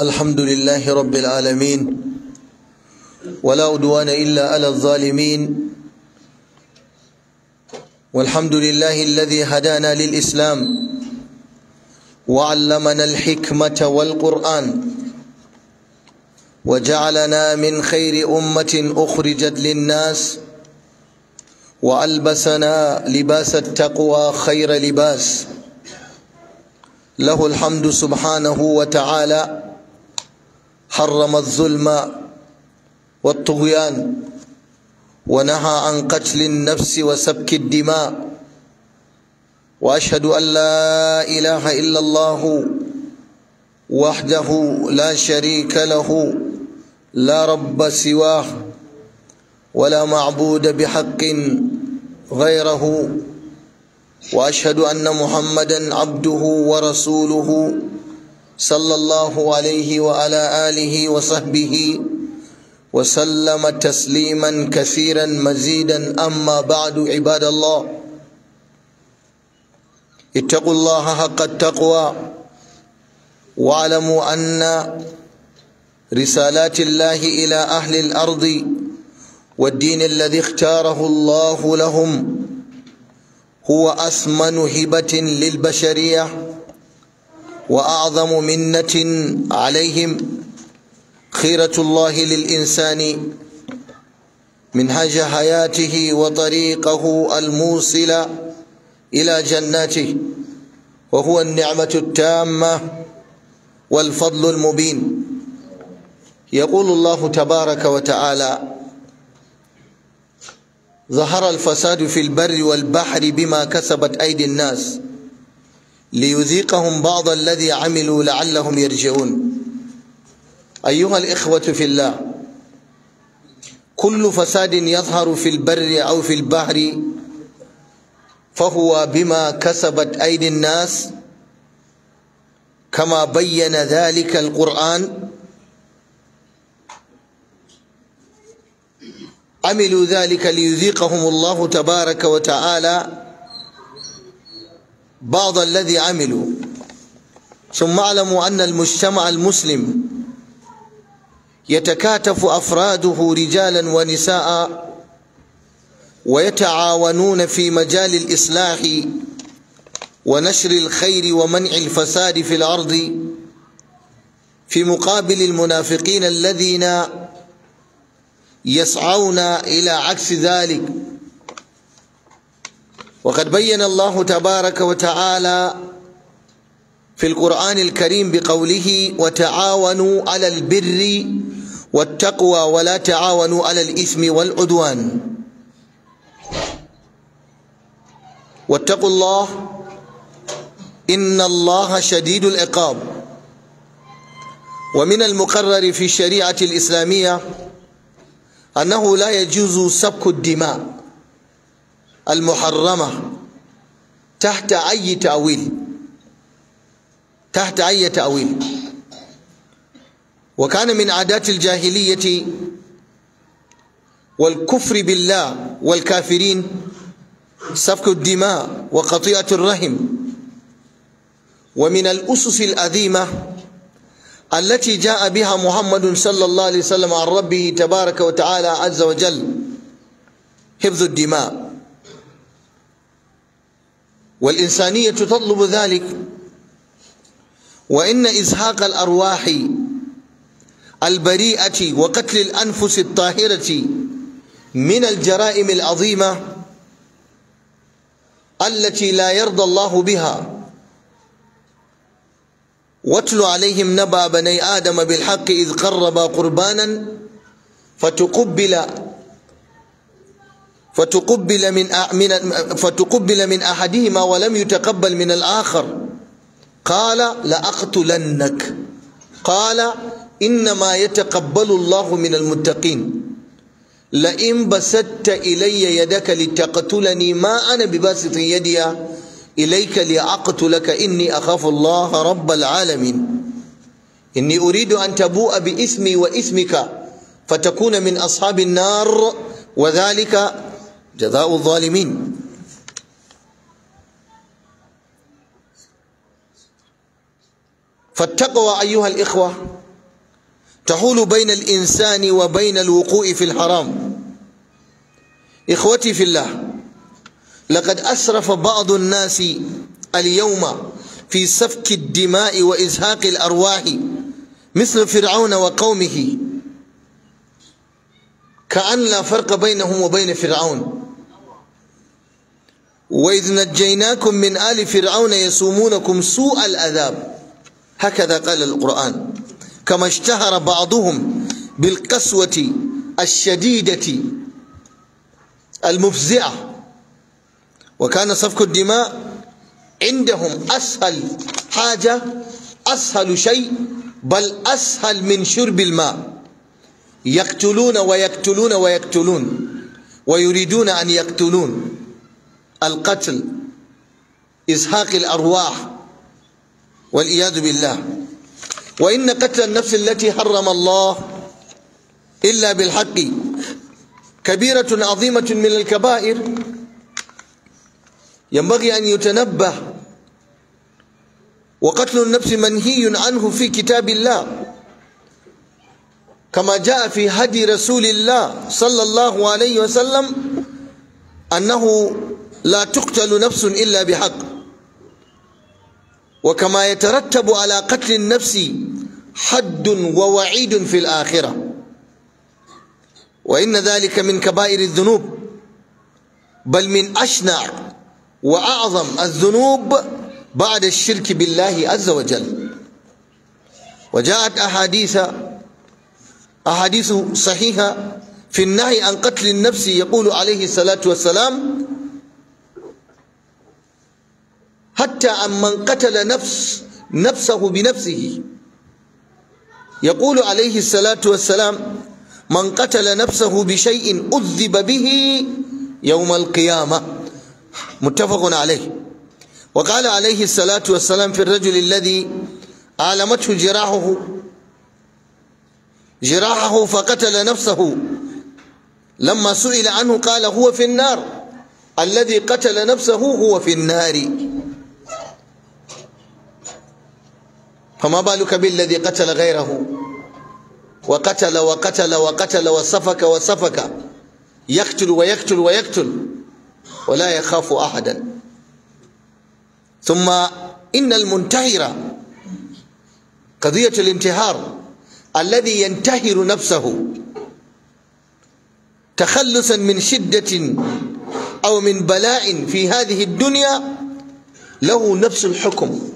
الحمد لله رب العالمين ولا عدوان إلا على الظالمين والحمد لله الذي هدانا للإسلام وعلمنا الحكمة والقرآن وجعلنا من خير أمة أخرجت للناس وألبسنا لباس التقوى خير لباس له الحمد سبحانه وتعالى حرم الظلم والطغيان ونهى عن قتل النفس وسبك الدماء واشهد ان لا اله الا الله وحده لا شريك له لا رب سواه ولا معبود بحق غيره واشهد ان محمدا عبده ورسوله صلى الله عليه وعلى آله وصحبه وسلم تسليما كثيرا مزيدا أما بعد عباد الله اتقوا الله حق التقوى واعلموا أن رسالات الله إلى أهل الأرض والدين الذي اختاره الله لهم هو أثمن هبة للبشرية وأعظم منة عليهم خيرة الله للإنسان منهج حياته وطريقه الموصل إلى جناته وهو النعمة التامة والفضل المبين يقول الله تبارك وتعالى ظهر الفساد في البر والبحر بما كسبت أيدي الناس ليذيقهم بعض الذي عملوا لعلهم يرجعون أيها الإخوة في الله كل فساد يظهر في البر أو في البحر فهو بما كسبت أيدي الناس كما بين ذلك القرآن عملوا ذلك ليذيقهم الله تبارك وتعالى بعض الذي عملوا ثم اعلموا أن المجتمع المسلم يتكاتف أفراده رجالا ونساء ويتعاونون في مجال الإصلاح ونشر الخير ومنع الفساد في الأرض في مقابل المنافقين الذين يسعون إلى عكس ذلك وقد بين الله تبارك وتعالى في القرآن الكريم بقوله وتعاونوا على البر والتقوى ولا تعاونوا على الإثم والعدوان واتقوا الله إن الله شديد العقاب ومن المقرر في الشريعة الإسلامية أنه لا يجوز سفك الدماء المحرمة تحت أي تأويل تحت أي تأويل وكان من عادات الجاهلية والكفر بالله والكافرين سفك الدماء وقطيعة الرحم ومن الأسس الأذيمة التي جاء بها محمد صلى الله عليه وسلم عن ربه تبارك وتعالى عز وجل حفظ الدماء والإنسانية تطلب ذلك وإن إزهاق الأرواح البريئة وقتل الأنفس الطاهرة من الجرائم العظيمة التي لا يرضى الله بها واتل عليهم نبأ بني آدم بالحق إذ قربا قربانا فتقبل فتقبل من من فتقبل من احدهما ولم يتقبل من الاخر قال لاقتلنك قال انما يتقبل الله من المتقين لئن بسدت الي يدك لتقتلني ما انا بباسط يدي اليك لاقتلك اني اخاف الله رب العالمين اني اريد ان تبوء باسمي واسمك فتكون من اصحاب النار وذلك جزاء الظالمين فالتقوى أيها الإخوة تحول بين الإنسان وبين الوقوع في الحرام إخوتي في الله لقد أسرف بعض الناس اليوم في سفك الدماء وإزهاق الأرواح مثل فرعون وقومه كأن لا فرق بينهم وبين فرعون وإذ نجيناكم من آل فرعون يسومونكم سوء العذاب هكذا قال القرآن كما اشتهر بعضهم بالقسوة الشديدة المفزعة وكان سفك الدماء عندهم أسهل حاجة أسهل شيء بل أسهل من شرب الماء يقتلون ويقتلون ويقتلون ويريدون أن يقتلون القتل إزهاق الأرواح والإياذ بالله وإن قتل النفس التي حرم الله إلا بالحق كبيرة عظيمة من الكبائر ينبغي أن يتنبه وقتل النفس منهي عنه في كتاب الله كما جاء في هدي رسول الله صلى الله عليه وسلم أنه لا تقتل نفس إلا بحق وكما يترتب على قتل النفس حد ووعيد في الآخرة وإن ذلك من كبائر الذنوب بل من أشنع وأعظم الذنوب بعد الشرك بالله عز وجل وجاءت أحاديث أحاديث صحيحة في النهي عن قتل النفس يقول عليه الصلاة والسلام حتى من قتل نفس نفسه بنفسه يقول عليه الصلاة والسلام من قتل نفسه بشيء أذب به يوم القيامة متفق عليه وقال عليه الصلاة والسلام في الرجل الذي أعلمته جراحه جراحه فقتل نفسه لما سئل عنه قال هو في النار الذي قتل نفسه هو في النار فما بالك بالذي قتل غيره وقتل وقتل وقتل وصفك وصفك يقتل ويقتل ويقتل ولا يخاف احدا ثم ان المنتهر قضيه الانتهار الذي ينتهر نفسه تخلصا من شده او من بلاء في هذه الدنيا له نفس الحكم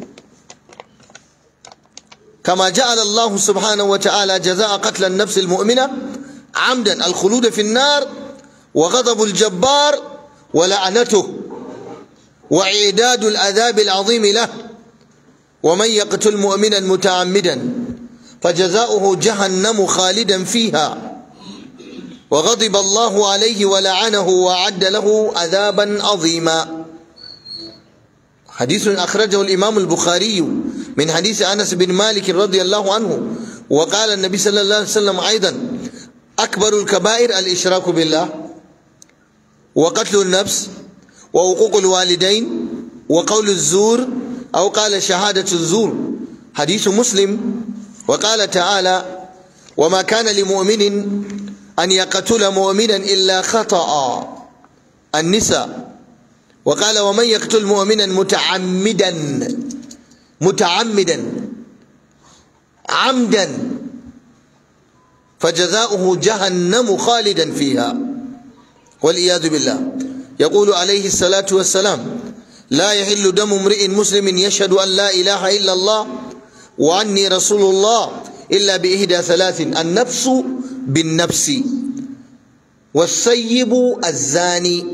كما جعل الله سبحانه وتعالى جزاء قتل النفس المؤمنة عمدا الخلود في النار وغضب الجبار ولعنته وإعداد الأذاب العظيم له ومن يقتل مؤمنا متعمدا فجزاؤه جهنم خالدا فيها وغضب الله عليه ولعنه وأعد له عذابا عظيما حديث أخرجه الإمام البخاري من حديث أنس بن مالك رضي الله عنه وقال النبي صلى الله عليه وسلم أيضا أكبر الكبائر الإشراك بالله وقتل النفس ووقوق الوالدين وقول الزور أو قال شهادة الزور حديث مسلم وقال تعالى وما كان لمؤمن أن يقتل مؤمنا إلا خطأ النساء وقال ومن يقتل مؤمنا متعمدا متعمدا عمدا فجزاؤه جهنم خالدا فيها والعياذ بالله يقول عليه الصلاة والسلام لا يحل دم امرئ مسلم يشهد أن لا إله إلا الله وأني رسول الله إلا بإحدى ثلاث النفس بالنفس والسيب الزاني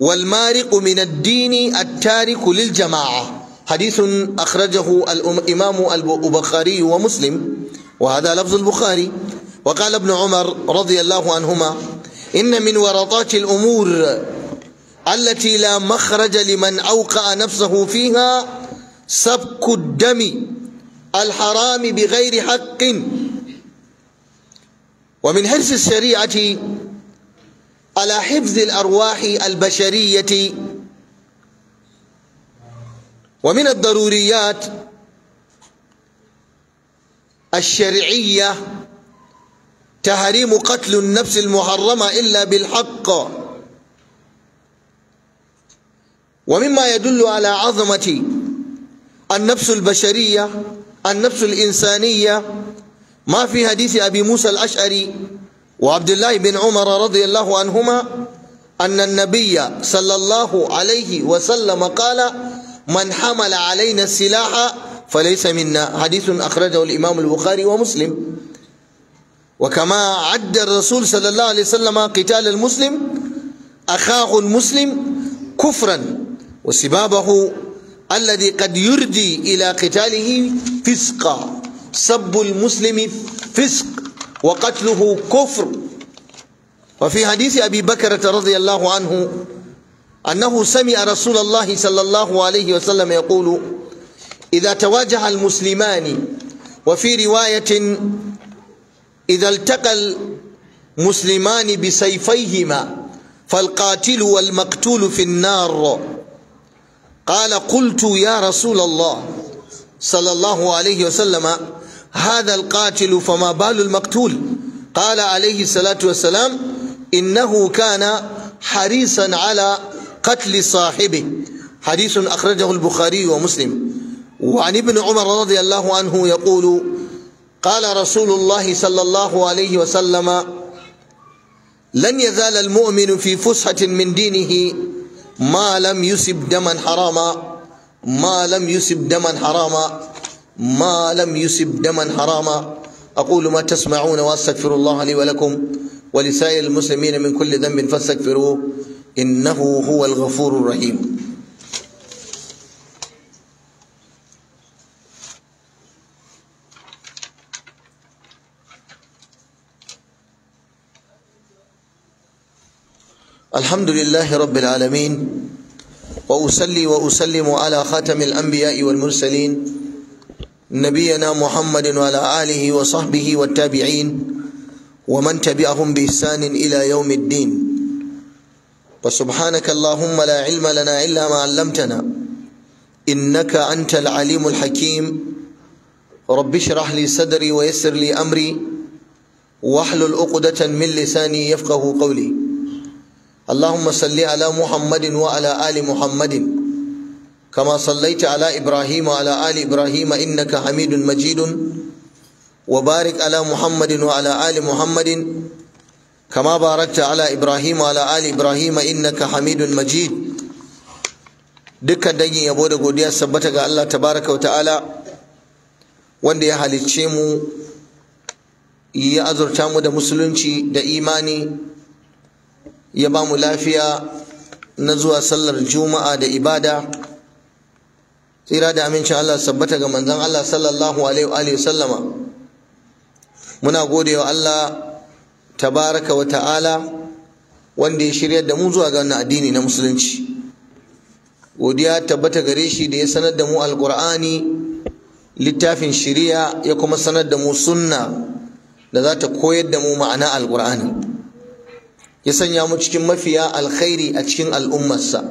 والمارق من الدين التارك للجماعه حديث أخرجه الإمام البخاري ومسلم وهذا لفظ البخاري وقال ابن عمر رضي الله عنهما إن من ورطات الأمور التي لا مخرج لمن أوقع نفسه فيها سبك الدم الحرام بغير حق ومن حرص الشريعة على حفظ الأرواح البشرية ومن الضروريات الشرعية تحريم قتل النفس المحرمة إلا بالحق ومما يدل على عظمة النفس البشرية النفس الإنسانية ما في حديث أبي موسى الأشعري وعبد الله بن عمر رضي الله عنهما أن النبي صلى الله عليه وسلم قال من حمل علينا السلاح فليس منا حديث أخرجه الإمام البخاري ومسلم وكما عد الرسول صلى الله عليه وسلم قتال المسلم أخاه المسلم كفرا وسبابه الذي قد يردي إلى قتاله فسقا سب المسلم فسق وقتله كفر وفي حديث أبي بكرة رضي الله عنه أنه سمع رسول الله صلى الله عليه وسلم يقول إذا تواجه المسلمان وفي رواية إذا التقى المسلمان بسيفيهما فالقاتل والمقتول في النار قال قلت يا رسول الله صلى الله عليه وسلم هذا القاتل فما بال المقتول قال عليه الصلاة والسلام إنه كان حريصا على قتل صاحبه حديث أخرجه البخاري ومسلم وعن ابن عمر رضي الله عنه يقول قال رسول الله صلى الله عليه وسلم لن يزال المؤمن في فسحة من دينه ما لم يسب دما حراما ما لم يسب دما حراما ما لم يسب دما حراما أقول ما تسمعون وأستغفر الله لي ولكم ولسائر المسلمين من كل ذنب فاستغفروه إنه هو الغفور الرحيم الحمد لله رب العالمين وأصلي وأسلم على خاتم الأنبياء والمرسلين نبينا محمد وعلى آله وصحبه والتابعين ومن تبعهم بإحسان إلى يوم الدين وسبحانك اللهم لا علم لنا إلا ما علمتنا إنك أنت العليم الحكيم رب اشرح لي صدري ويسر لي أمري واحلل عقدة من لساني يفقه قولي اللهم صل على محمد وعلى آل محمد كما صليت على إبراهيم وعلى آل إبراهيم إنك حميد مجيد وبارك على محمد وعلى آل محمد كما باركت على إبراهيم وعلى آل إبراهيم إنك Hamidun Majid. dukkan dangin yabo da godiyar sabbata ga Allah tabaraka ta'ala wanda ya halicce mu ya azurta mu da musulunci da imani ya bamu lafiya na zuwa sallar juma'a da ibada tsira da amincin Allah sabbata ga manzon Allah sallallahu alaihi wa sallama muna gode wa Allah tabaraka wa ta'ala wanda ya shirya da mu zuwa ga wannan addini na musulunci godiya tabbata gare shi da ya sanar da mu alkur'ani littafin shiriya ya kuma sanar da mu sunna da za ta koyar da mu ma'ana alkur'ani ya sanya mu cikin mafiya alkhairi a cikin al'ummarsa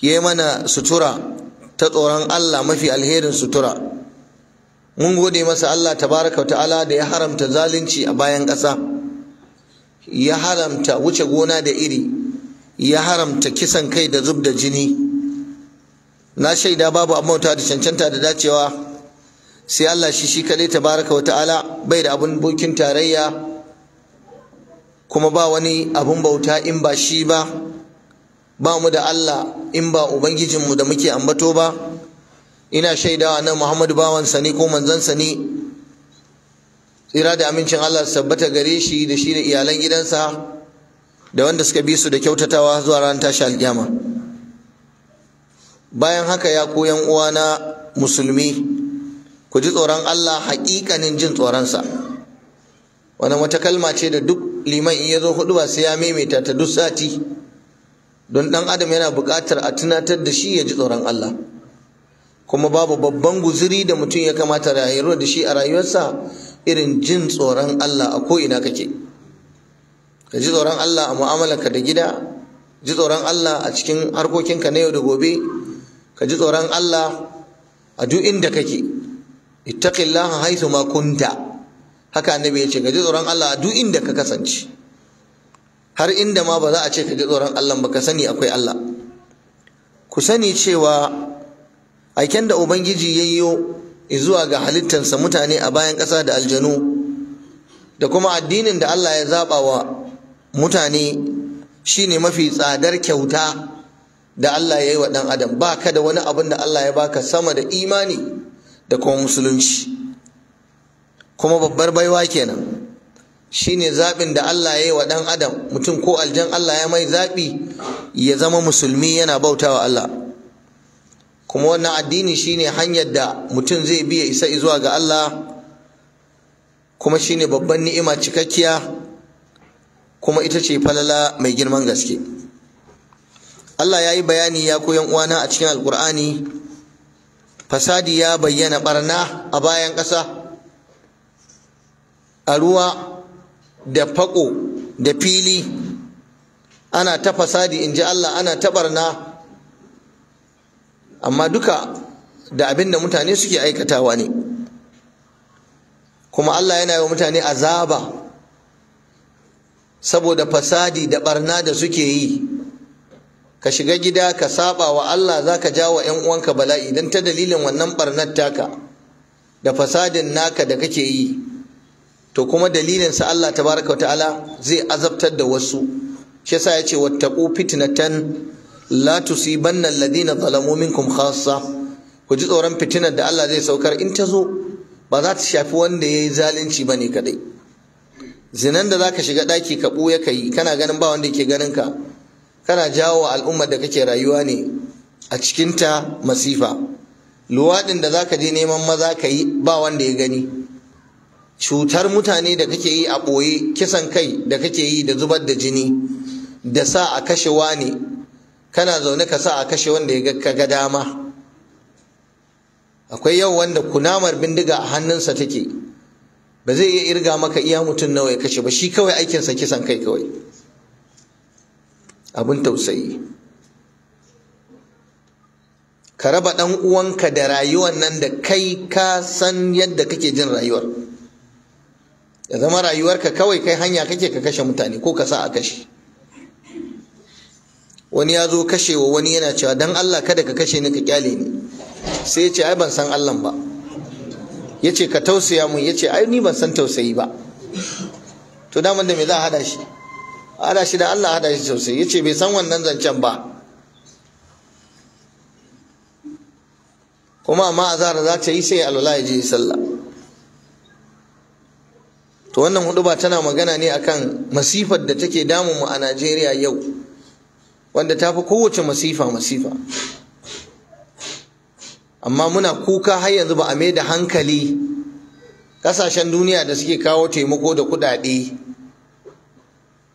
ya yi mana sutura ta tsoron allah mafi alherin sutura mun gode masa Allah tabaraka ta'ala da ya haramta zalunci a bayan ƙasa ya haramta wuce gona da iri ya haramta kisan kai da zub da jini na shaida babu amauta da cancanta da dacewa sai Allah shi shi kadai tabaraka wa ta'ala bai da abun bokin tarayya kuma ba wani abun bauta in ba shi ba ba mu da Allah in ba ubangijinmu da muke ambato ba ina shaidawa nan Muhammadu bawan sani ko manzan sani. tsira da amincin Allah su tabbata gare shi da shi da iyalan gidansa da wanda suka bi su da kyautatawa zuwa ran tashi alkyama bayan haka ya koyan uwa na, musulmi ku ji tsoron Allah haƙiƙanin jin tsoronsa wani wata kalma ce da duk liman in ya zo hudu ba sai ya maimaita ta duk sati don dan adam yana buƙatar a tunatar da shi ya ji tsoron Allah kuma babu babban guziri da mutum ya kamata rayuwar da shi a rayuwarsa irin jin tsoron Allah a ko'ina kake ka ji tsoron Allah a mu'amalarka da gida ji tsoron Allah a cikin harkokinka na yau da gobe ka ji tsoron Allah a duk inda kake ittaqillaha haythu ma kunta haka annabi ya ce ka ji tsoron Allah a duk inda ka kasance har inda ma ba za a ce ka ji tsoron Allah ba ka sani akwai Allah ku sani cewa aiken da ubangiji yayyo zuwa ga halittarsa mutane a bayan ƙasa da aljanu da kuma addinin da Allah ya zaɓa wa mutane shine mafi tsadar kyauta da Allah ya yi wa ɗan adam ba ka da wani abin da Allah ya baka sama da imani da kuma musulunci kuma babbar baiwa kenan shine zaɓin da Allah ya yi wa ɗan adam mutum ko aljan Allah ya mai zaɓi ya zama musulmi yana bautawa Allah kuma wannan addini shine hanyar da mutum zai biya isa zuwa ga Allah kuma shine babban ni'ima cikakkiya kuma ita ce falala mai girman gaske Allah ya yi bayani ya koyan uwana a cikin alkur'ani fasadi ya bayyana barna a bayan ƙasa a ruwa da faƙo da fili ana ta fasadi in ji Allah ana ta barna amma duka da abin da mutane suke aikatawa ne kuma Allah yana yi wa mutane azaba saboda fasadi da barna da suke yi ka shiga gida ka saba wa Allah za ka ja wa 'yan uwanka bala'i don ta dalilin wannan barnar taka da fasadin naka da kake yi to kuma dalilin sa Allah tabaraka wa ta'ala zai azabtar da wasu shi yasa ya ce wattaqu fitnatan la tusibanna alladhina zalamu minkum khassa ku ji tsoron fitinar da Allah zai saukar in ta zo ba za ta shafi wanda yayi zalunci bane kadai zinan da zaka shiga daki ka buya kai kana ganin ba wanda yake ganin ka kana jawo al'ummar da kake rayuwa ne a cikin ta masifa luwaɗin da zaka je neman maza ka yi ba wanda ya gani cutar mutane da kake yi a ɓoye kisan kai da kake yi da zubar da jini da sa a kashewa ne. kana zaune ka sa a kashe wanda ya ga dama akwai yau wanda kunamar bindiga a hannunsa take ba zai iya irga maka iya mutum nawa ya kashe ba shi kawai aikinsa kisan kai kawai abin tausayi ka raba ɗan uwanka da rayuwar nan da kai ka san yadda kake jin rayuwar ya zama rayuwarka kawai kai hanya kake ka kashe mutane ko ka sa a kashe wani ya zo kashewa wani yana cewa dan Allah kada ka kashe ni ka kyale ni sai ya ce ai ban san Allah ba ya ce ka tausaya mun ya ce ai ni ban san tausayi ba to daman da me za a hada shi hada shi da Allah hada shi tausayi ya ce bai san wannan zancen ba kuma amma azara za ta yi sai alwala ya je sallah to wannan hudu ba tana magana ne akan masifar da take damun mu a Najeriya yau wanda ta fi kowace masifa masifa amma muna kuka har yanzu ba a mai da hankali kasashen duniya da suke kawo taimako da kudade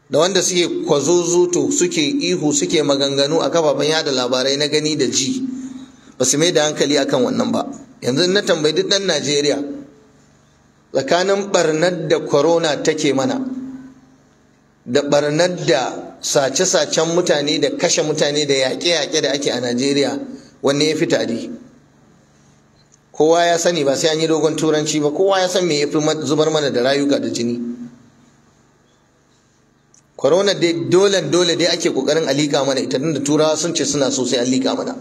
da wanda suke kwazozuto suke ihu suke maganganu a kafafen yada labarai na gani da ji ba su mai da hankali akan wannan ba yanzu na tambayi duk ɗan najeriya tsakanin barnar da corona take mana da barnar da sace-sacen mutane da kashe mutane da yaƙe-yaƙe da ake a najeriya wanne ya fi tari kowa ya sani ba sai an yi dogon turanci ba kowa ya san me ya fi zubar mana da rayuka da jini corona dai dole dole dai ake kokarin alika mana ita da turawa sun ce suna sosai sai alika mana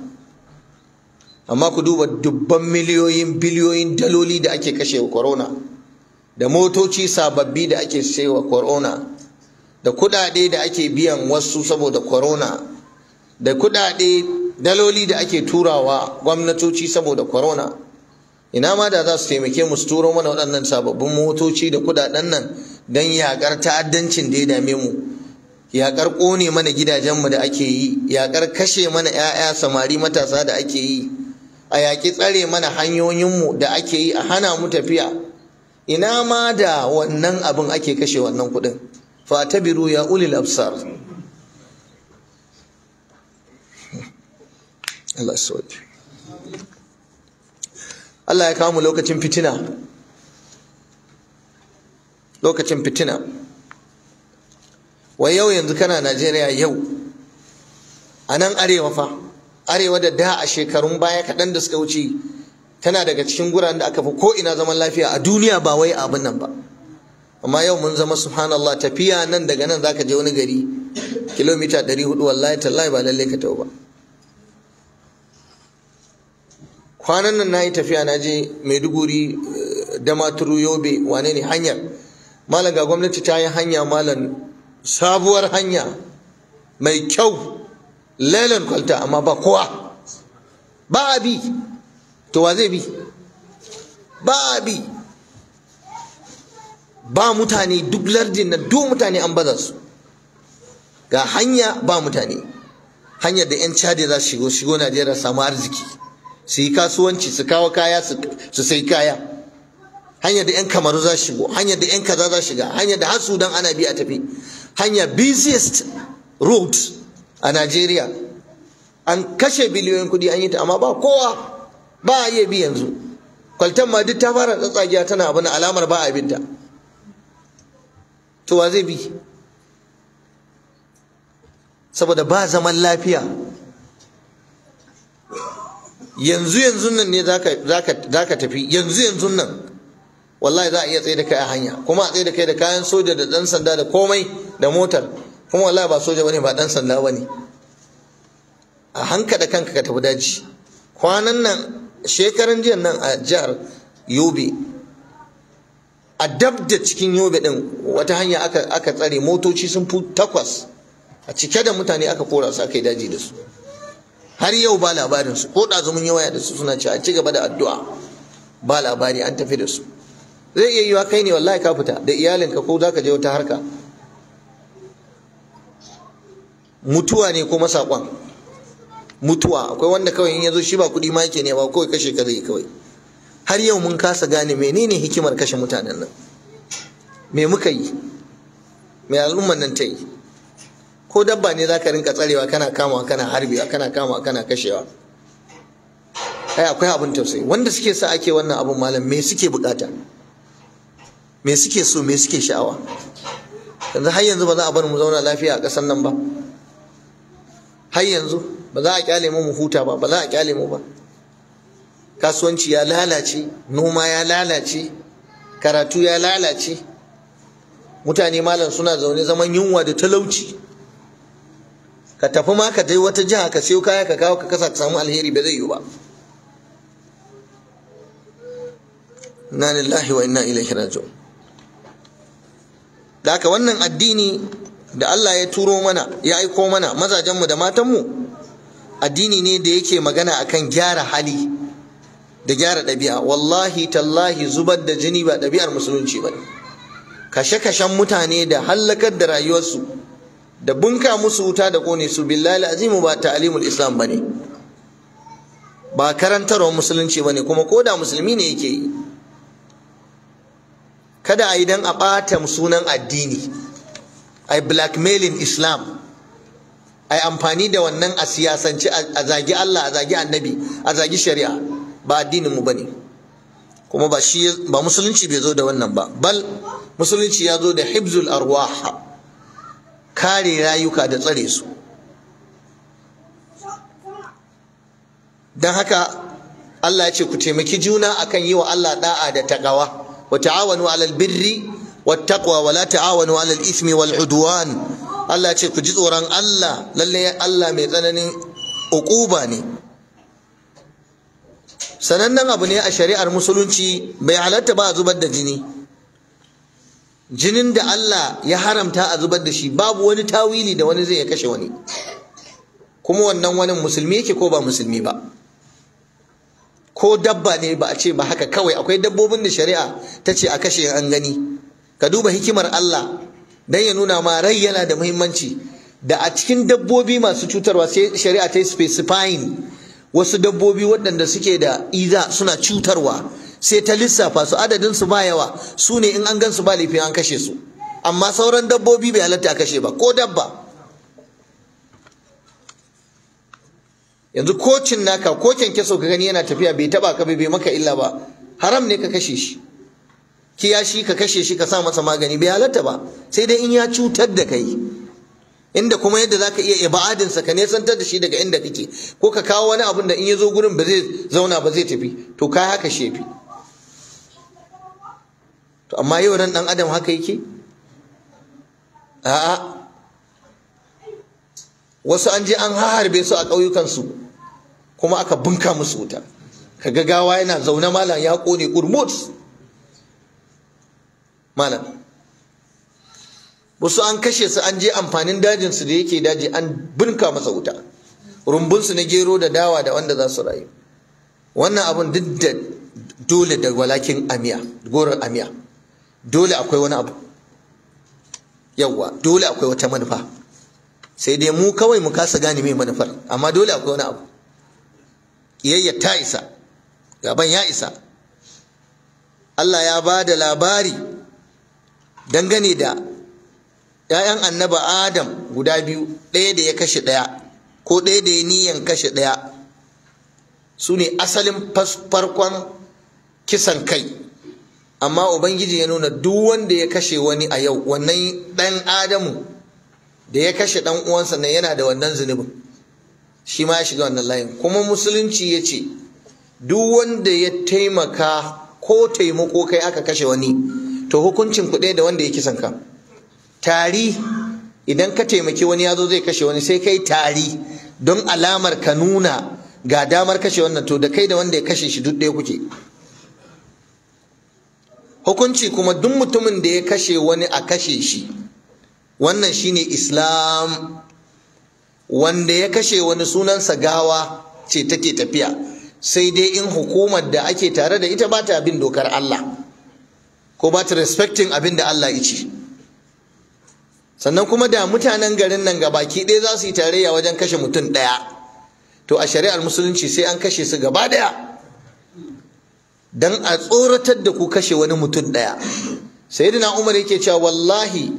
amma ku duba dubban miliyoyin biliyoyin daloli da ake kashe wa corona da motoci sababbi da ake wa corona da kudade da ake biyan wasu saboda corona da kudade daloli da ake turawa gwamnatoci saboda corona ina ma da za su taimake mu su turo mana waɗannan sababbin motoci da kudaden nan don yaƙar ta'addancin da ya dame mu yaƙar ƙone mana gidajenmu da ake yi yaƙar kashe mana 'ya'ya samari matasa da ake yi a yaƙi tsare mana hanyoyinmu da ake yi a hana mu tafiya ina ma da wannan abin ake kashe wannan kuɗin fatabiru ya ulil absar Allah ya kawo mu lokacin fitina lokacin fitina wai yau yanzu kana Najeriya yau a nan arewa fa arewa da da a shekarun baya kaɗan da suka wuce tana daga cikin guraren da aka fi ko ina zaman lafiya a duniya ba wai abin nan ba amma yau mun zama subhanallah tafiya nan daga nan zaka je wani gari kilomita 400 wallahi tallahi ba lalle ka tawo ba kwanan nan nayi tafiya na je Maiduguri eh, Damaturu Yobe wane ne hanyar malam ga gwamnati ta yi hanya malam sabuwar hanya mai kyau lelen kwalta amma ba kowa ba bi to wa zai bi ba bi ba mutane duk lardin na duk mutane an baza su ga hanya ba mutane hanyar da 'yan chade za su shigo shigo najeriya samu arziki su yi kasuwanci su kawo kaya su sai kaya hanyar da 'yan kamaru za su shigo hanyar da 'yan kaza za shiga hanyar da har sudan ana bi a tafi hanya busiest road a najeriya an kashe biliyoyin kudi an yi ta amma ba kowa ba a iya bi yanzu kwaltan ma duk ta fara tsatsagiya tana abin alamar ba a binta to wa zai bi saboda ba zaman lafiya yanzu yanzu nan ne za ka tafi yanzu yanzu nan wallahi za a iya tsaye da kai a hanya kuma a tsaye da kai da kayan soja da dan sanda da komai da motar kuma wallahi ba soja bane ba dan sanda bane a hanka da kanka ka tafi daji kwanan nan shekaran jiya nan a jihar yobe a dab cikin yobe din wata hanya aka tsare motoci sun fi takwas a cike da mutane aka kora su aka yi daji da su har yau ba labarin su ko ɗazumin yawaya da su suna ci a ci gaba da addu'a ba labari an tafi da su zai iya yiwa kai ne wallahi ka fita da iyalinka ko za ka je wata harka mutuwa ne kuma saƙon mutuwa akwai wanda kawai in ya zo shi ba kuɗi ma yake ne ba kawai kashe ka zai kawai har yau mun kasa gane menene hikimar kashe mutanen nan me muka yi me al'umman nan ta yi ko dabba ne za ka rinka tsarewa kana kama kana harbewa kana kama kana kashewa ai akwai abin tausayi wanda suke sa ake wannan abin malam me suke bukata me suke so me suke sha'awa yanzu har yanzu ba za a bar mu zauna lafiya a ƙasar nan ba har yanzu ba za a kyale mu mu huta ba ba za a kyale mu ba kasuwanci ya lalace noma ya lalace karatu ya lalace mutane malam suna zaune zaman yunwa da talauci ka tafi ma ka dai wata jiha ka siyo kaya ka kawo ka kasa ka samu alheri ba zai yiwu ba inna lillahi wa inna ilaihi raji'un da haka wannan addini da Allah ya turo mana ya aiko mana mazajenmu da matanmu addini ne da yake magana akan gyara hali da gyara ɗabi'a wallahi tallahi zubar da jini ba ɗabi'ar musulunci ba kashe-kashen mutane da hallakar da rayuwarsu da bunka musu wuta da kone su billahi azimu ba ta'alimul islam ba ne. ba karantarwar musulunci ba ne kuma ko da musulmi ne yake yi kada a yi dan a ɓata sunan addini a blackmailing islam a yi amfani da wannan a siyasance a zagi allah a zagi annabi a zagi shari'a ba addinin mu bane kuma ba shi ba musulunci bai zo da wannan ba bal musulunci ya zo da hibzul arwah kare rayuka da tsare su dan haka Allah ya ce ku taimaki juna akan yi wa Allah da'a da taqawa wa ta'awanu 'alal birri wa taqwa wa la ta'awanu 'alal ismi wal 'udwan Allah ya ce ku ji tsoron Allah lalle Allah mai tsananin uquba ne sanannen abu ne a shari'ar musulunci bai halatta ba a zubar da jini jinin da Allah ya haramta a zubar da shi babu wani tawili da wani zai ya kashe wani kuma wannan wani musulmi yake ko ba musulmi ba ko dabba ne ba a ce ba haka kawai akwai dabbobin da shari'a ta ce a kashe an gani ka duba hikimar Allah dan ya nuna ma rai yana da muhimmanci da a cikin dabbobi masu cutarwa sai shari'a ta yi specifying wasu dabbobi waɗanda suke da iza suna cutarwa sai ta lissafa su adadin su ba yawa su ne in an gan su ba laifin an kashe su amma sauran dabbobi bai halatta a kashe ba ko dabba yanzu kocin naka ko kyankyaso ka gani yana tafiya bai taba ka bai maka illa ba haram ne ka kashe shi kiyashi ka kashe shi ka sa masa magani bai halatta ba sai dai in ya cutar da kai inda kuma yadda za ka iya ibadin sa ka nesantar da shi daga inda kake ko ka kawo wani abun da in yazo gurin ba zai zauna ba zai tafi to ka haka shefi to amma yau ran dan adam haka yake a'a wasu an je an harbe su a ƙauyukansu kuma aka bunka musu wuta ka gawa yana zaune malam ya kone kurmut malam wasu an kashe su an je amfanin dajin su da yake daji an binka masa wuta rumbun su na gero da dawa da wanda za su rayu wannan abun duk da dole da walakin amiya goron amiya dole akwai wani abu yawwa dole akwai wata manufa sai dai mu kawai mu kasa gane mai manufar amma dole akwai wani abu kiyayya ta isa gaban ya isa Allah ya ba da labari dangane da 'ya'yan annaba adam guda biyu ɗaya da ya kashe ɗaya ko ɗaya da ya niyan kashe ɗaya su ne asalin farkon kisan kai amma ubangiji ya nuna duk wanda ya kashe wani a yau wannan ɗan adamu da ya kashe ɗan uwansa na yana da wannan zunubin shi ma ya shiga wannan layin kuma musulunci ya ce duk wanda ya taimaka ko taimako kai aka kashe wani to hukuncin ku ɗaya da wanda ya kisan ka tari idan ka taimaki wani ya zo zai kashe wani sai kai tari don alamar ka nuna ga damar kashe wannan to da kai da wanda ya kashe shi duk ɗaya kuke hukunci kuma duk mutumin da ya kashe wani a kashe shi wannan shine islam wanda ya kashe wani sunansa gawa ce take tafiya sai dai in hukumar da ake tare da ita ba ta bin dokar Allah ko ba ta respecting abin da Allah ya ce sannan kuma da mutanen garin nan gabaki ɗaya za su yi tarayya wajen kashe mutum ɗaya to a shari'ar musulunci sai an kashe su gaba ɗaya dan a tsoratar da ku kashe wani mutum ɗaya sayyidina umar yake cewa wallahi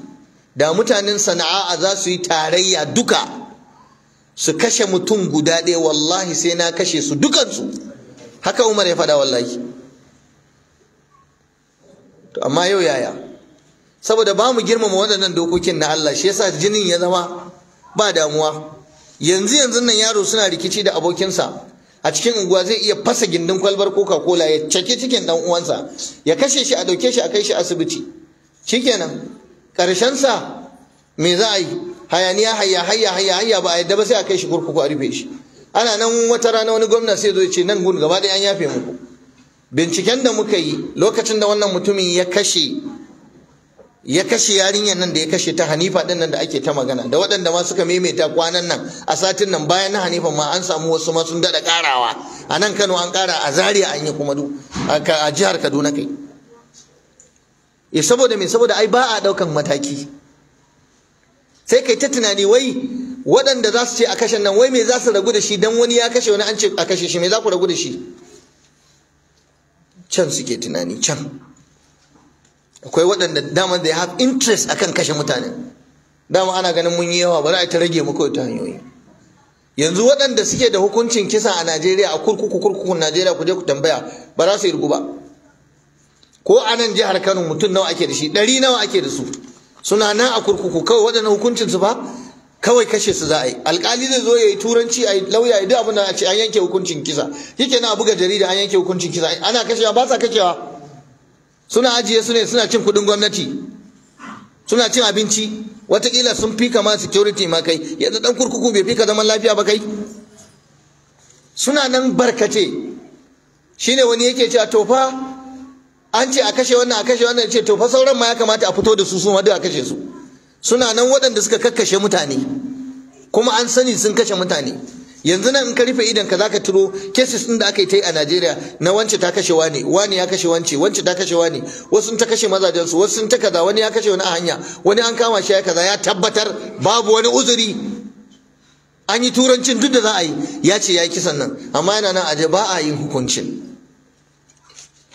da mutanen sana'a za su yi tarayya duka su kashe mutum guda ɗaya wallahi sai na kashe su dukansu haka umar ya faɗa wallahi to amma yau yaya saboda ba mu girmama waɗannan dokokin na Allah shi yasa jinin ya zama ba damuwa yanzu yanzu nan yaro suna rikici da abokinsa a cikin unguwa zai iya fasa gindin kwalbar coca cola ya cake cikin dan uwansa ya kashe shi a dauke shi a kai shi asibiti shikenan karshen sa me za a yi hayaniya hayya hayya hayya hayya ba a yadda ba sai a kai shi kurkuku a rufe shi ana nan wata rana wani gwamna sai zo ya ce nan gun gaba ɗaya an yafe muku binciken da muka yi lokacin da wannan mutumin ya kashe ya kashe yarinyar nan da ya kashe ta hanifa din nan da ake ta magana da waɗanda ma suka maimaita kwanan nan a satin nan bayan na hanifa ma an samu wasu ma sun daɗa karawa. a nan kano an kara a zaria an yi kuma du a jihar kaduna kai ya eh, saboda me saboda ai ba a ɗaukan mataki sai kai ta tunani wai waɗanda za su ce a kashen nan wai me za su ragu da shi dan wani ya kashe wani an ce a kashe shi me za ku ragu da shi can suke tunani can akwai waɗanda dama they have interest akan kashe mutane dama ana ganin mun yi yawa ba za a ta rage muku ta hanyoyi yanzu waɗanda suke da hukuncin kisa a Najeriya a kurkuku kurkukun Najeriya ku je ku tambaya ba za su yi ba ko a nan jihar Kano mutum nawa ake da shi ɗari nawa ake da su suna nan a kurkuku kawai waɗannan hukuncin su ba kawai kashe su za a yi alƙali zai zo ya yi turanci a yi lauya ya duk abin da a ce an yanke hukuncin kisa yake na a buga jarida an yanke hukuncin kisa ana kashewa ba sa kashewa suna ajiye su ne suna cin kudin gwamnati suna cin abinci watakila sun fi kama security ma kai yadda dan kurkuku bai fi ka zaman lafiya ba kai suna nan barkace shine wani yake cewa to fa an ce a kashe wannan a kashe wannan ce to sauran ma ya kamata a fito da su su ma duk a kashe su suna nan waɗanda suka kakkashe mutane kuma an sani sun kashe mutane yanzu nan in ka rufe idan ka zaka turo cases din da aka yi ta yi a Najeriya na wance ta kashe wani wani ya kashe wance wance ta kashe wani wasu sun ta kashe mazajen wasu sun ta kaza wani ya kashe wani a hanya wani an kama shi ya kaza ya tabbatar babu wani uzuri an yi turancin duk da za a yi ya ce ya yi kisan nan amma yana nan aje ba a yin hukuncin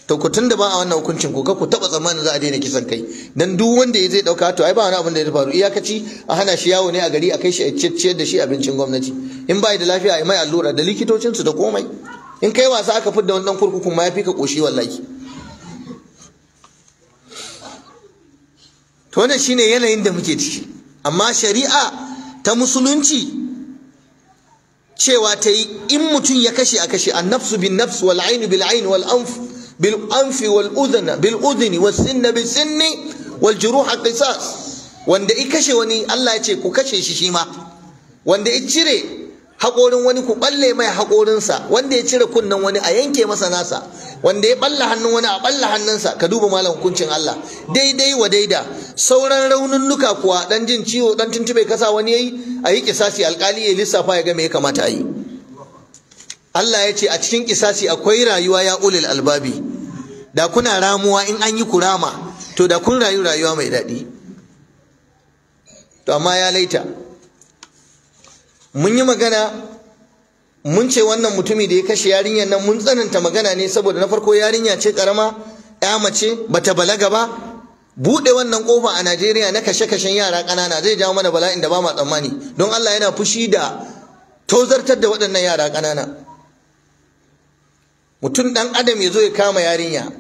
to ku tunda ba a wannan hukuncin ku ku taba tsammanin za a daina kisan kai dan duk wanda ya zai dauka to ai ba wani abin da ya faru iyakaci a hana shi yawo ne a gari a kai shi a ciyar da shi abincin gwamnati in bai da lafiya ai mai allura da likitocin su da komai in kai wasa aka fidda wani kurkukun ma yafi ka koshi wallahi to wannan shine yanayin da muke ciki amma shari'a ta musulunci cewa ta yi in mutum ya kashe a kashe an nafsu bin nafsu, wal ainu bil wal amf. بالأنف والأذن بالأذن والسن بالسن والجروح قصاص wanda i kashe wani Allah ya ce ku kashe shi shi ma wanda i cire haƙorin wani ku ɓalle mai haƙorinsa wanda ya cire kunnen wani a yanke masa nasa wanda ya ɓalla hannun wani a balla hannunsa ka duba malam hukuncin Allah daidai wa daida sauran raununnuka kuwa dan jin ciwo dan tuntube kasa wani yayi a yi kisasi alƙali ya lissafa ya ga me ya kamata a yi Allah ya ce a cikin kisasi akwai rayuwa ya ulil albabi da kuna ramuwa in an yi kurama to da kun rayu rayuwa mai daɗi to amma ya laita mun yi magana mun ce wannan mutumi da ya kashe yarinyar nan mun tsananta magana ne saboda na farko yarinya ce karama ya mace bata balaga ba buɗe wannan ƙofa a Najeriya na kashe-kashen yara ƙanana zai jawo mana bala'in da ba ma tsammani don Allah yana fushi da tozartar da waɗannan yara ƙanana mutum ɗan adam ya zo ya kama yarinya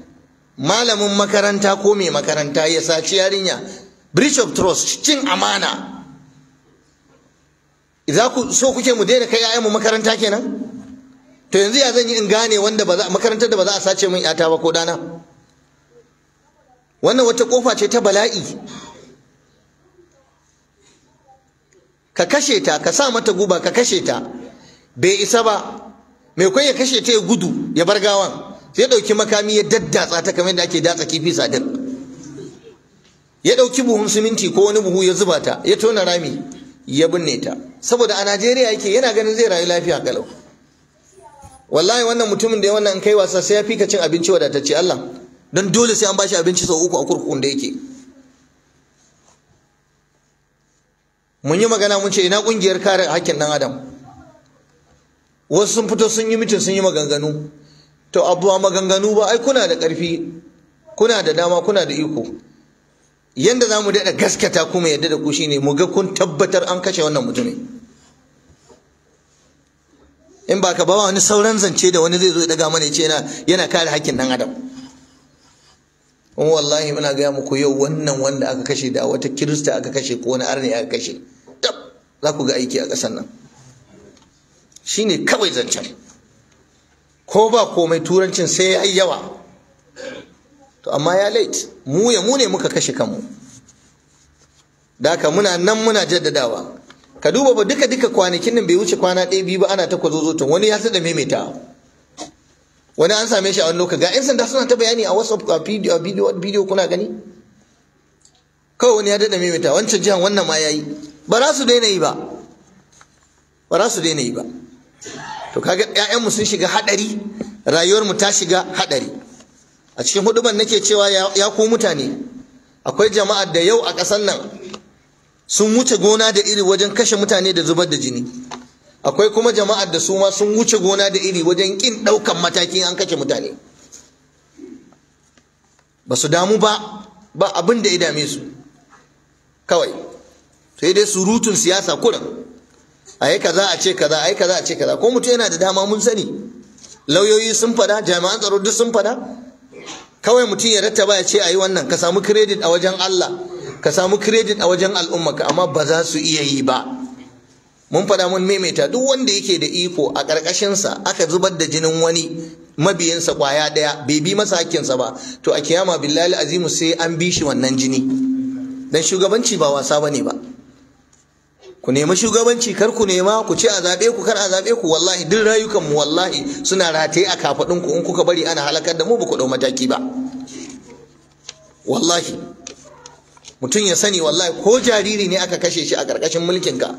malamin makaranta ko mai makaranta ya saci yarinya breach of trust cin amana za ku so kuke mu daina kai mu makaranta kenan to yanzu ya zan yi in gane wanda ba za makarantar da ba za a sace min 'yata ba ko dana wannan wata kofa ce ta bala'i ka kashe ta ka sa mata guba ka kashe ta bai isa ba mai kwai ya kashe ta ya gudu ya bar gawan sai ya ɗauki makami ya daddatsa ta kamar da ake datsa kifi sadin ya ɗauki buhun siminti ko wani buhu ya zuba ta ya tona rami ya binne ta saboda a najeriya yake yana ganin zai rayu lafiya galau wallahi wannan mutumin da ya wannan kai wasa sai ya fika cin abinci wadatacce allah don dole sai an bashi abinci sau uku a kurkukun da yake mun yi magana mun ce ina kungiyar kare hakkin dan adam wasu sun fito sun yi mitin sun yi maganganu to abuwa maganganu ba ai kuna da ƙarfi kuna da dama kuna da iko yanda za mu daɗa gaskata kuma yadda da ku shine mu ga kun tabbatar an kashe wannan mutumin in ba ka ba wani sauran zance da wani zai zo ya daga mana ya ce yana kare hakkin ɗan adam wallahi muna gaya muku yau wannan wanda aka kashe da wata kirista aka kashe ko wani arni aka kashe za ku ga aiki a ƙasar nan shine kawai zancen ko ba komai turancin sai ya yi yawa to amma ya lait mu ya mu ne muka kashe kanmu da muna nan muna jaddadawa ka duba ba duka duka kwanakin nan bai wuce kwana ɗaya biyu ba ana ta kwazozotun wani ya da maimaita wani an same shi a wani lokaci ga 'yan sanda suna ta bayani a whatsapp a bidiyo kuna gani kawai wani ya dada maimaita wancan jihan wannan ma ya yi ba za su daina yi ba ba za su daina yi ba to kaga ƴaƴanmu sun shiga haɗari rayuwarmu ta shiga haɗari a cikin huduban nake cewa ya ku mutane akwai jama'ar da yau a ƙasar nan sun wuce gona da iri wajen kashe mutane da zubar da jini akwai kuma jama'a da su ma sun wuce gona da iri wajen ƙin ɗaukan matakin an kashe mutane ba su damu ba ba abin da ya dame su kawai sai dai surutun siyasa kuran ai kaza a ce kaza ai kaza a ce kaza ko mutum yana da dama mun sani lauyoyi sun fada jami'an tsaro duk sun fada kawai mutum ya rattaba ya ce ayi wannan ka samu credit a wajen Allah ka samu credit a wajen ka amma ba za su iya yi ba mun fada mun maimaita duk wanda yake da iko a sa aka zubar da jinin wani mabiyinsa kwaya daya bai bi masa hakkinsa ba to a kiyama billahi azimu sai an bi shi wannan jini dan shugabanci ba wasa bane ba ku nemi shugabanci kar ku nema ku ce a zaɓe ku kar a zaɓe ku wallahi duk rayukan mu wallahi suna rataye a kafaɗin ku in kuka bari ana halakar da mu ba ku ɗau mataki ba wallahi mutum ya sani wallahi ko jariri ne aka kashe shi a ƙarƙashin mulkin ka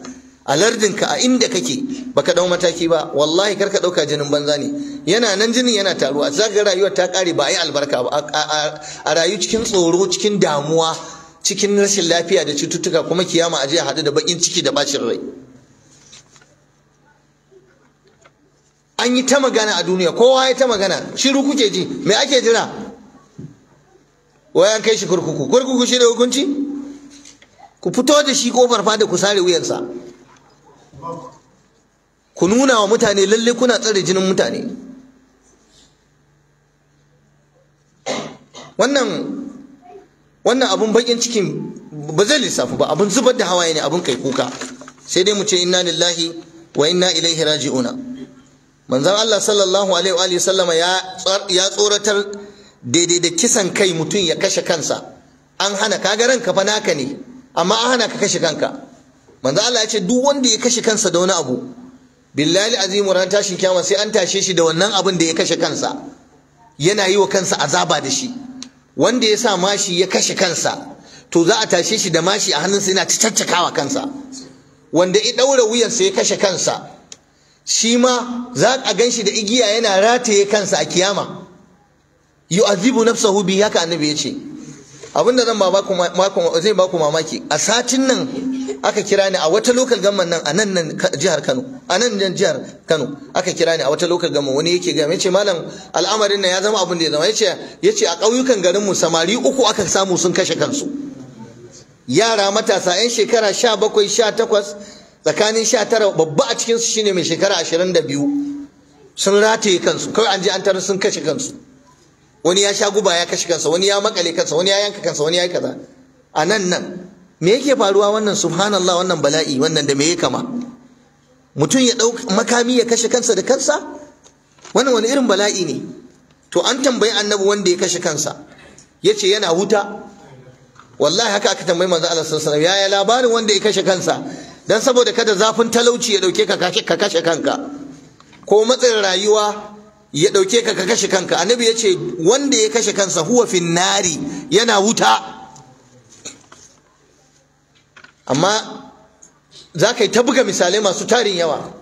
a ka a inda kake baka ɗau mataki ba wallahi kar ka ɗauka jinin banza ne yana nan jinin yana taruwa zaka ga rayuwar ta ƙare ba a yi albarka ba a rayu cikin tsoro cikin damuwa cikin rashin lafiya da cututtuka kuma kiyama a jiya a haɗu da baƙin ciki da bacin rai an yi ta magana a duniya kowa ya ta magana shiru kuke ji mai ake jira wai an kai shi kurkuku kurkuku shi ne hukunci ku fito da shi kofar fada ku sare wuyansa ku nuna wa mutane lalle kuna tsare jinin mutane wannan wannan abun bakin cikin ba zai lissafi ba abun zubar da hawaye ne abun kai kuka sai dai mu ce inna lillahi wa inna ilaihi raji'una manzon Allah sallallahu alaihi wa sallama ya tsoratar daidai da kisan kai mutum ya kashe kansa an hana kaga ranka fa naka ne amma an hana ka kashe kanka manzon Allah ya ce duk wanda ya kashe kansa da wani abu billahi azim ran tashin kiyama sai an tashe shi da wannan abun da ya kashe kansa yana yi wa kansa azaba da shi wanda ya sa mashi ya kashe kansa to za a tashe shi da mashi a hannunsa yana caccakawa kansa wanda ya ɗaura wuyansa ya kashe kansa shi ma za a gan shi da igiya yana rataye kansa a kiyama yu'azibu nafsahu bi haka annabi ya ce abinda zai ba mamaki a satin nan aka kira ni a wata local government nan a nan nan jihar Kano a nan nan jihar Kano aka kira ni a wata local government wani yake ga yace malam al'amarin nan ya zama abin da ya zama yace yace a ƙauyukan garin mu samari uku aka samu sun kashe kansu yara matasa yan shekara 17 18 tsakanin 19 babba a cikin su shine mai shekara 22 sun rataye kansu kawai an ji an tarar sun kashe kansu wani ya sha guba ya kashe kansa wani ya makale kansa wani ya yanka kansa wani ya yi kaza a nan nan me yake faruwa wannan subhanallah wannan bala'i wannan da me ya kama mutum ya ɗauka makami ya kashe kansa da kansa wannan wani irin bala'i ne to an tambayi annabi wanda ya kashe kansa ya ce yana wuta wallahi haka aka tambayi manzo Allah sallallahu alaihi wasallam yaya labarin wanda ya kashe kansa dan saboda kada zafin talauci ya dauke ka kashe kanka ko matsin rayuwa ya dauke ka ka kashe kanka annabi ya ce wanda ya kashe kansa huwa finnari yana wuta amma za ka yi ta buga misalai masu tarin yawa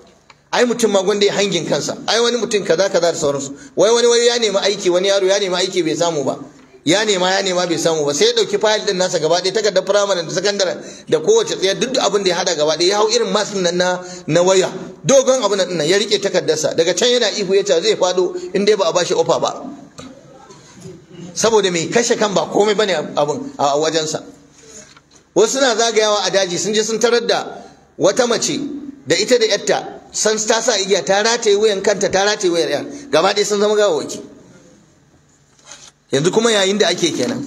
ai mutum ma gwanda ya hangin kansa ai wani mutum kaza kaza da sauransu wai wani wani ya nemi aiki wani yaro ya nemi aiki bai samu ba ya nema ya nema bai samu ba sai ya dauki fayil din nasa gaba ɗaya takardar firamare da sakandare da kowace tsaye duk abin da ya hada gaba ɗaya ya hau irin mas nan na na waya dogon abin nan ya rike takardarsa daga can yana ihu ya ce zai fado in dai ba a bashi ofa ba saboda mai kashe kan ba komai bane abin a wajensa wasu na zagayawa a daji sun je sun tarar da wata mace da ita da yatta san ta sa igiya ta rataye wuyan kanta ta rataye wuyan yan gaba ɗaya sun zama gawawaki yanzu kuma yayin da ake kenan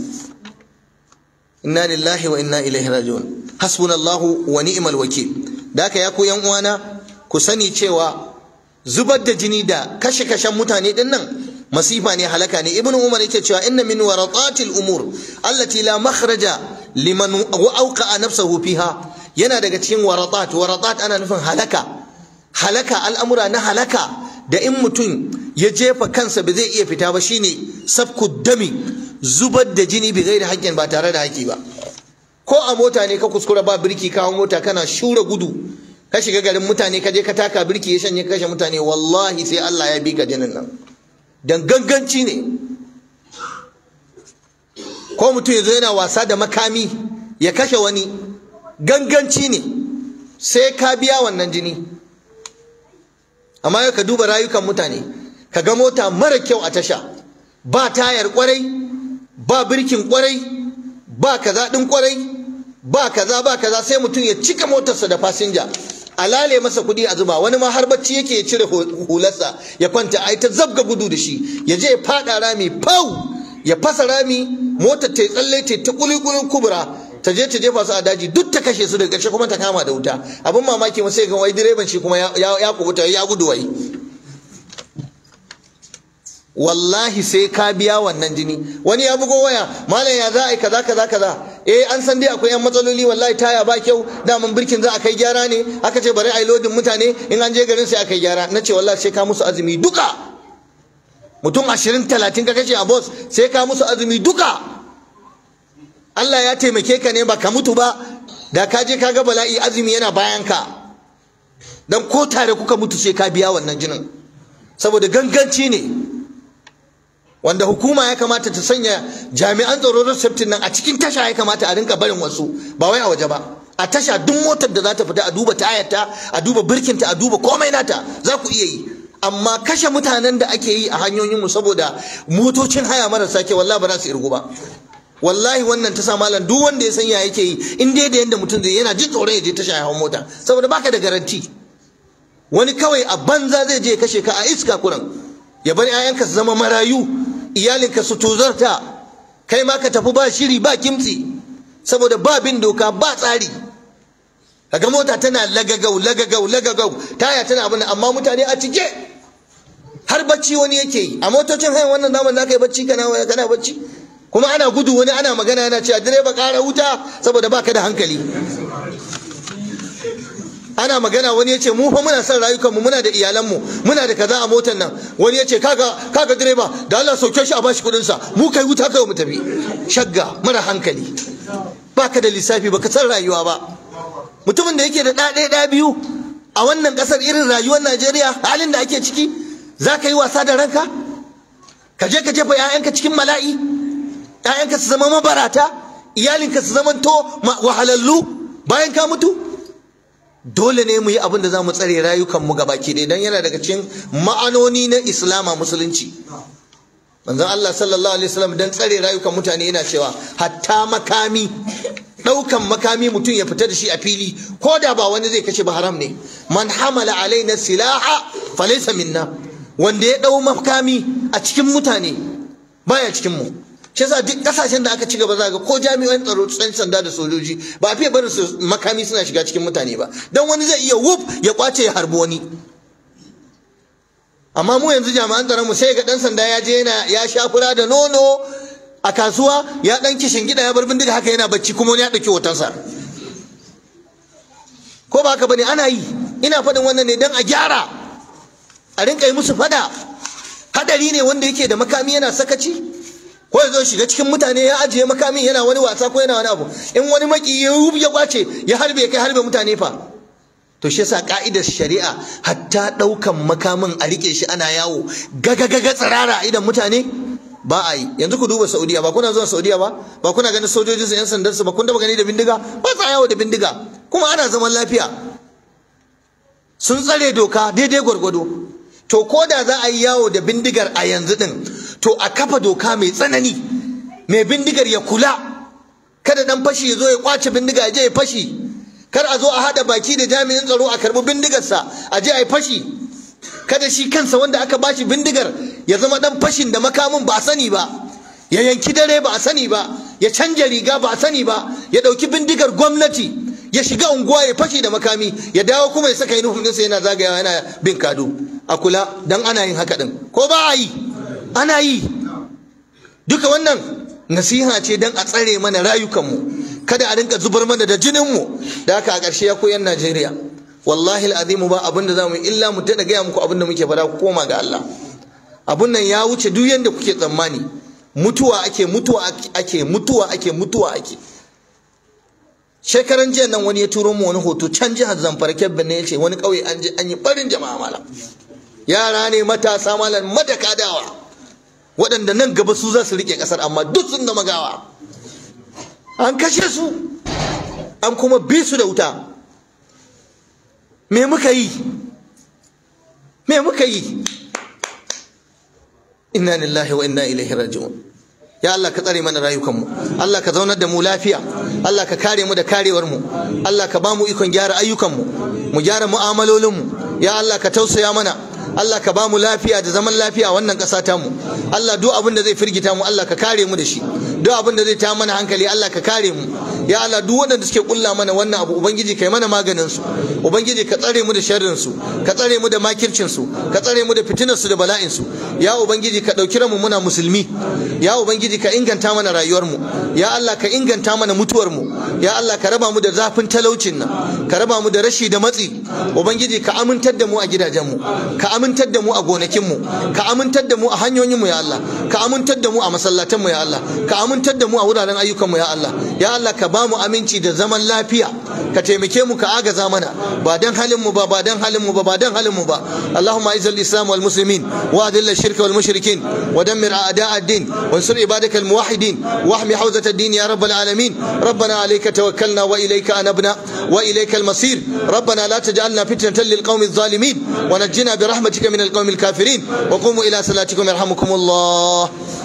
inna lillahi wa inna ilaihi raji'un hasbunallahu wa ni'mal wakil daka ya ku yan uwana ku sani cewa zubar da jini da kashe kashen mutane din nan masifa ne halaka ne ibnu umar yake cewa inna min waratatil umur allati la makhraja liman auka nafsahu fiha yana daga cikin waratat waratat ana nufin halaka halaka al'amura na halaka da in mutum ya jefa kansa ba zai iya fita ba shine sabku dami zubar da jini bi da hakkin ba tare da haƙƙi ba ko a mota ne ka kuskura ba birki kawo mota kana shura gudu ka shiga garin mutane ka je ka taka birki ya shanye kashe mutane wallahi sai Allah ya bi ka jinin nan dan ne ko mutum ya zo yana wasa da makami ya kashe wani ganganci ne sai ka biya wannan jini amma yau ka duba rayukan mutane ka ga mota mara kyau a tasha ba tayar kwarai ba birkin kwarai ba kaza din kwarai ba kaza ba kaza sai mutum ya cika motarsa da fasinja a lale masa kuɗi a zuba wani ma har bacci yake ya cire hularsa ya kwanta ai ta zabga gudu da shi ya je ya faɗa rami fau ya fasa rami motar ta tsalle ta ta kulikulin kubura ta je ta jefa su a daji duk ta kashe su daga ƙarshe kuma ta kama da wuta abin mamaki mu sai ga wai direban shi kuma ya kubuta ya gudu wai wallahi sai ka biya wannan jini wani ya bugo waya malam ya za a yi kaza kaza kaza eh an san dai akwai yan matsaloli wallahi taya ba kyau daman birkin za a kai gyara ne aka ce bari a yi lodin mutane in an je garin sai a kai gyara na ce wallahi sai ka musu azumi duka mutum ashirin talatin ka kashe a bos sai ka musu azumi duka Allah ya taimake ka ne ba ka mutu ba da ka je ka ga bala'i azumi yana bayan ka dan ko tare kuka mutu sai ka biya wannan jinin saboda ganganci ne wanda hukuma ya kamata ta sanya jami'an tsaro da safety nan a cikin tasha ya kamata a rinka barin wasu ba wai a waje ba a tasha duk motar da za ta fita a duba tayarta a duba birkinta a duba komai nata za ku iya yi amma kashe mutanen da ake yi a hanyoyinmu saboda motocin haya marasa ke wallahi ba za su irgu ba wallahi wannan ta sa malam duk wanda ya sanya yake yi in dai da yanda mutum zai yana ji tsoron ya je ta shayar mota saboda baka da garanti wani kawai a banza zai je kashe ka a iska kuran ya bar 'ya'yanka su zama marayu iyalinka su tozarta kai ma ka tafi ba shiri ba kimtsi saboda ba bin doka ba tsari kaga mota tana lagagau lagagau lagagau taya tana abin amma mutane a cike har bacci wani yake yi a motocin hayan wannan zaman ka yi bacci kana kana bacci kuma ana gudu wani ana magana yana ce cewa direba kara wuta saboda baka da hankali ana magana wani yace mu fa muna son rayukanmu, muna da iyalanmu, muna da kaza a motar nan wani yace kaga kaga direba da Allah sauke shi a bashi kudin sa mu kai wuta kai mu tafi shagga mara hankali baka da lissafi baka san rayuwa ba mutumin da yake da ɗa ɗaya biyu a wannan ƙasar irin rayuwar Najeriya halin da ake ciki za ka yi wasa da ranka ka je ka jefa 'ya'yanka cikin mala'i 'ya'yanka su zama mabarata iyalinka su zama to wahalallu bayan ka mutu dole ne mu yi abin da za mu tsare rayukanmu ga baki ɗaya don yana daga cikin ma'anoni na islama musulunci manzon Allah sallallahu alaihi wasallam dan tsare rayukan mutane yana cewa hatta makami daukan makami mutum ya fita da shi a fili ko da ba wani zai kashe ba haram ne man hamala alaina silaha falaysa minna wanda ya dau makami a cikin mutane baya cikin mu shi yasa duk kasashen da aka ci gaba za ga ko jami'an tsaro tsan sanda da sojoji ba a fiye barin su makami suna shiga cikin mutane ba dan wani zai iya wuf ya kwace ya harbi wani amma mu yanzu jami'an tsaron mu sai ga dan sanda ya je yana ya sha fura da nono a kasuwa ya dan kishin gida ya bar bindiga haka yana bacci kuma wani ya dauki hotonsa ko ba haka bane ana yi ina faɗin wannan ne dan a gyara a rinka yi musu fada hadari ne wanda yake da makami yana sakaci ko ya zo shiga cikin mutane ya ajiye makamin yana wani wasa ko yana wani abu in wani maki ya ya kwace ya harbe kai harbe mutane fa to shi yasa ka'idar shari'a hatta daukan makamin a rike shi ana yawo gaga gaga tsirara idan mutane ba a yi yanzu ku duba saudiya ba kuna zuwa saudiya ba ba kuna ganin sojojin su yan sandar su ba kun da gani da bindiga ba sa yawo da bindiga kuma ana zaman lafiya sun tsare doka daidai gwargwado to ko da za a yi yawo da bindigar a yanzu ɗin, to a kafa doka mai tsanani mai bindigar ya kula kada dan fashi ya zo ya kwace bindiga ya je ya fashi kar a zo a haɗa baki da jami'in tsaro a karbi sa a je a yi fashi kada shi kansa wanda aka bashi bindigar ya zama ɗan fashin da makamin ba a sani ba ya yanki dare ba a sani ba ya canja riga ba a sani ba ya ɗauki bindigar gwamnati ya shiga unguwa ya fashi da makami ya dawo kuma ya saka yunifom ɗinsa yana zagayawa yana bin kado a kula dan ana yin haka ɗin, ko ba a yi ana yi duka wannan nasiha ce dan a tsare mana rayukanmu kada a rinka zubar mana da jininmu da aka a ƙarshe ya koyan Najeriya wallahi al'azimu ba abin da za yi illa mu tada gaya muku abin da muke fara ku koma ga Allah abun nan ya wuce duk yanda kuke tsammani mutuwa ake mutuwa ake mutuwa ake mutuwa ake shekaran jiya nan wani ya turo mu wani hoto can jihar Zamfara Kebbi ne ce wani kauye an an yi barin jama'a malam yara ne matasa malam madaka dawa waɗanda nan gaba su za su riƙe ƙasar amma duk sun da magawa an kashe su an kuma bi su da wuta me muka yi me muka yi inna lillahi wa inna ilaihi raji'un ya Allah ka tsare mana rayukanmu Allah ka zaunar da mu lafiya Allah ka kare mu da karewar mu Allah ka ba mu ikon gyara ayyukanmu mu gyara mu'amalolinmu ya Allah ka tausaya mana Allah ka ba mu lafiya da zaman lafiya a wannan ƙasa ta mu Allah duk abin da zai firgita mu Allah ka kare mu da shi duk abin da zai ta mana hankali Allah ka kare mu ya Allah duk wanda suke kulla mana wannan abu ubangiji kai mana maganin su ubangiji ka tsare mu da sharrin su ka tsare mu da makircin su ka tsare mu da fitinar su da bala'in su ya ubangiji ka dauki mu muna musulmi ya ubangiji ka inganta mana rayuwar mu ya Allah ka inganta mana mutuwar mu ya Allah ka raba mu da zafin talaucin nan ka raba mu da rashi da matsi ubangiji ka amintar da mu a gidajen mu ka amintar da mu a gonakin mu ka amintar da mu a hanyoyin mu ya Allah ka amintar da mu a masallatan mu ya Allah ka amintar da mu a wuraren ayyukan mu ya Allah ya Allah ka ba ba mu aminci da zaman lafiya ka taimake mu ka agaza mana ba dan halin mu ba ba dan halin mu ba ba dan halin mu ba Allahumma izil islam wal muslimin wa adil shirka wal mushrikin wa dammir a'da ad-din wa ansur ibadak al muwahhidin wa ahmi hawzat ad-din ya rabbana tawakkalna al masir rabbana la taj'alna fitnatan lil qawmi adh-dhalimin wa bi rahmatika min al kafirin wa qumu ila salatikum yarhamukum Allah